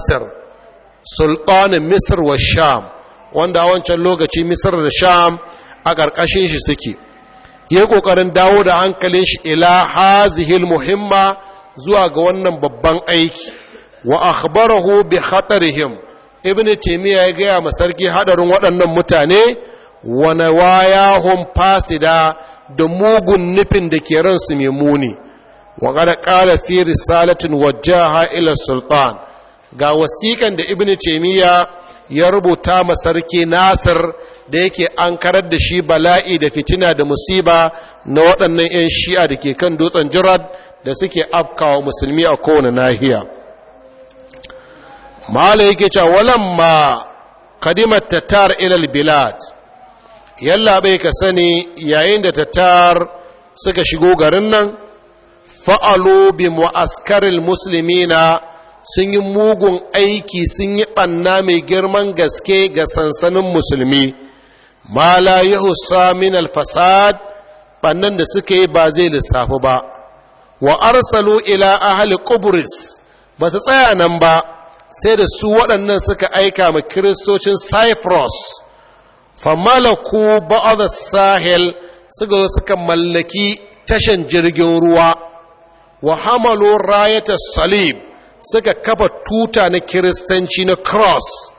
nasir sultanin misir wa sham wanda wancan lokaci misir da sham a ƙarƙashin shi suke ya ƙoƙarin dawo da hankalin shi ila hazihil muhimma zuwa ga wannan babban aiki wa akhbarahu bi khatarihim ibn taimiyya ya gaya ma sarki hadarin waɗannan mutane wa nawayahum fasida da mugun nufin da ke ransu mai muni wa qad qala fi risalatin wajjaha ila sultan ga wasiƙan da ibn taimiyya ya rubuta ma sarki nasir da yake an karar da shi bala'i da fitina da musiba na waɗannan 'yan shi'a da ke kan dutsen jirad da suke afkawa musulmi a kowane nahiya mahala yake cewa ma kadimar tattar ilal bilad yalla bai ka sani yayin da tattar suka shigo garin nan fa'alo bi mu'askaril musulmi na sun yi mugun aiki sun yi ɓanna mai girman gaske ga sansanin musulmi ma la yahusa min alfasad ɓannan da suka yi ba zai lissafi ba wa arsalu ila ahli kuburis ba su tsaya nan ba sai da su waɗannan suka aika ma kiristocin cyprus famalaku ba'ad sahel suka zo suka mallaki tashan jirgin ruwa wa hamalo rayata salib suka kafa tuta na kiristanci na cross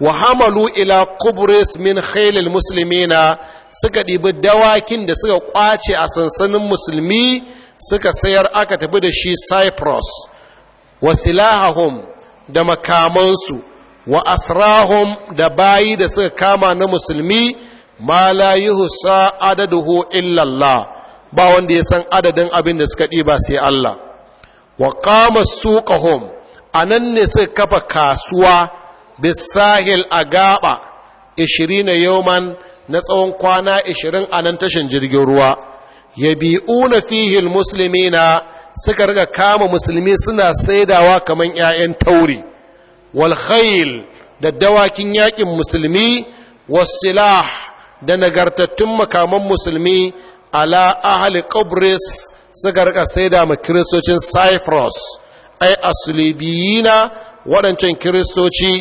wa hamalu ila kubris min musulmi na suka ɗibi dawakin da suka kwace a sansanin musulmi suka sayar aka tafi da shi cyprus wa silahahum da makamansu wa asrahum da bayi da suka kama na musulmi ma la yuhsa adaduhu illallah ba wanda ya san adadin abin da suka ɗiba sai Allah wa Kahom a nan ne suka kafa kasuwa bisahil a gaba 20 yawman na tsawon kwana 20 nan tashin jirgin ruwa ya fihil musulmi na, suka riga kama musulmi suna saidawa kamar 'ya'yan tauri walhail da dawakin yakin musulmi wasilah da nagartattun makaman musulmi ala ahli qabris suka rika saida ma kiristocin cyprus ai asulibiyina waɗancan kiristoci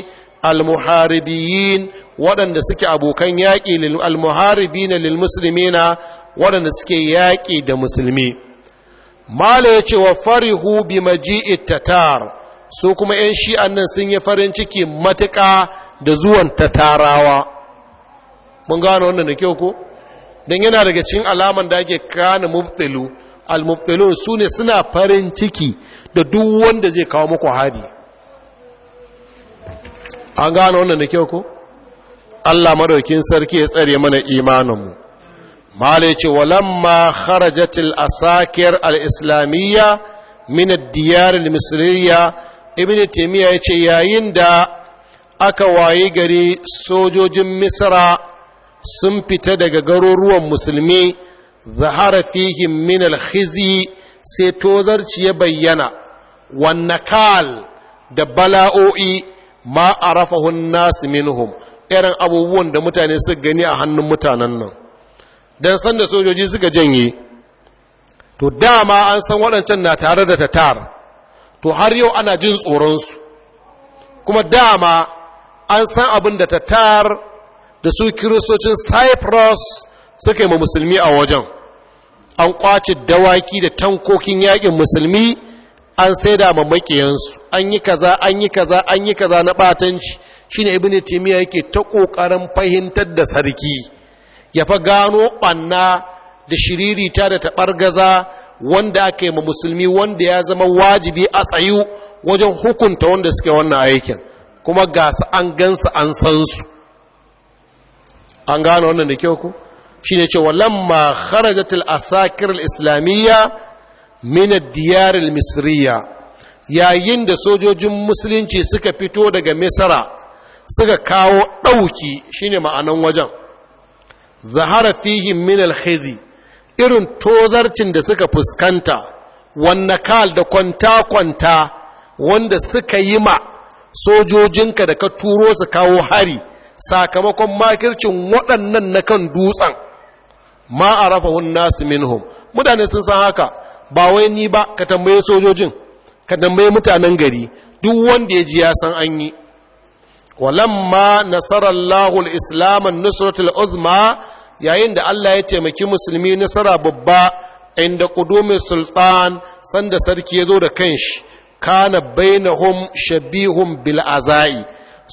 almuharibiyin waɗanda suke abokan yaƙi almuharibina lilmuslimina waɗanda suke yaƙi da musulmi mala ya ce wa farihu bi maji'it tatar su kuma 'yan shi'an nan sun yi farin ciki matuƙa da zuwan tatarawa mun gano wannan da kyau ko don yana daga cikin alaman da ake kana mubtilu almubtilun su ne suna farin ciki da duk wanda zai kawo muku hari an gano wannan da kyau ko Allah madaukin sarki ya tsare mana imaninmu mala ya ce walamma kharajatil asakir al-islamiyya min ad-diyar al ibn taymiya ya yayin da aka waye gari sojojin misra sun fita daga garuruwan musulmi zahara fihim min alkhizi sai tozarci ya bayyana wan nakal da bala'o'i ma arafa nas minhum irin abubuwan da mutane suka gani a hannun mutanen nan dan san da sojoji suka janye to dama an san waɗancan na tare da tatar to har yau ana jin tsoronsu kuma dama an san abin da tatar da su kiristocin cyprus suka yi ma musulmi a wajen an kwace dawaki da tankokin yakin musulmi an saida ma makiyansu an yi kaza an yi kaza an yi kaza na batanci shine ibnu timiya yake ta kokarin fahimtar da sarki ya fa gano ɓanna da shiriri ta da gaza wanda aka yi ma musulmi wanda ya zama wajibi a tsayu wajen hukunta wanda suke wannan aikin kuma gasa an gansu an san su an gano wannan da kyau ku shine ce walamma kharajat al-asakir islamiyya min ad-diyar al-misriyya yayin da sojojin musulunci suka fito daga misra suka kawo dauki shine ma'anan wajen zahara fihi min al-khizi irin tozarcin da suka fuskanta wanne kal da kwanta kwanta wanda suka yi ma sojojinka da ka turo su kawo hari sakamakon makircin waɗannan na kan dutsen ma rafa an minhum mutane sun san haka ba wai ni ba ka tambaye sojojin ka tambaye mutanen gari duk wanda ya ji ya san an yi walamma nasarallahu al-islam an-nusratul uzma yayin da Allah ya taimaki musulmi nasara babba inda qudumin sultan sanda sarki ya zo da kanshi kana bainahum shabihun bil azai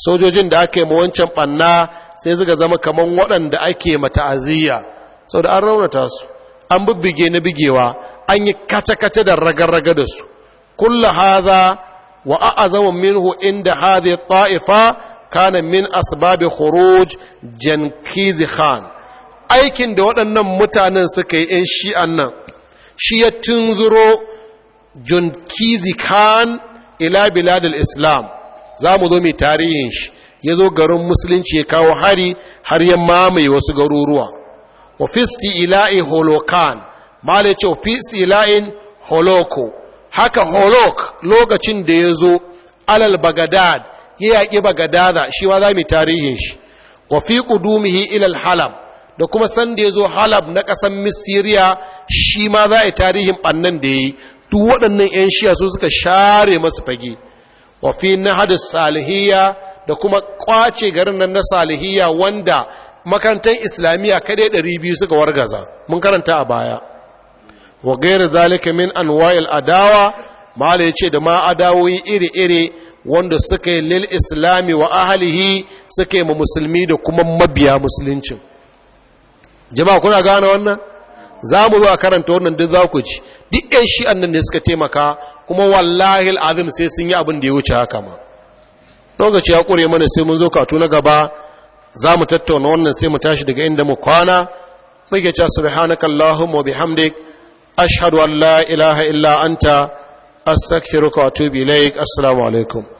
sojojin da ake ma wancan ɓanna, sai suka zama kaman waɗanda ake ta'aziyya. sau da an raunata su an bibbige na bigewa an yi kace-kace da ragar-raga da su kulla haza wa a'azamu minhu inda hadhihi ta'ifa kana min asbabi khuruj jankizi khan aikin da waɗannan mutanen suka yi 'yan shi'an nan shi ya tunzuro junkizi khan ila biladul islam za mu zo mai tarihin shi ya zo garin musulunci ya kawo hari har ya mamaye wasu garuruwa wa fisti ila'i holokan malai ce fisti ila'in holoko haka holok lokacin da ya zo alal bagadad ya yaƙi bagadada shi ma za mu tarihin shi wafi ƙudumihi ilal halab da kuma sanda ya zo halab na ƙasan misiriya shi ma za a tarihin ɓannan da ya yi duk waɗannan 'yan shiya su suka share masu fage wafi na na salihiyya da kuma ƙwace garin nan na salihiyya wanda makarantar islamiyya kadai ɗari biyu suka wargaza mun karanta a baya wa gairu zalika min anwa'il adawa mala ya ce da ma adawoyi iri-iri wanda suka yi lil islami wa ahalihi suka yi ma musulmi da kuma mabiya musuluncin jama'a kuna gane wannan za mu zuwa karanta wannan duk za ku ci. duk 'yan shi'an nan ne suka taimaka kuma wallahi azim sai sun yi abin da ya wuce haka ma lokaci ya ƙure mana sai mun zo katu na gaba za mu tattauna wannan sai mu tashi daga inda mu kwana muke cewa subhanaka allahumma wa bihamdik ashhadu an la ilaha illa anta astaghfiruka wa atubu ilaik assalamu alaikum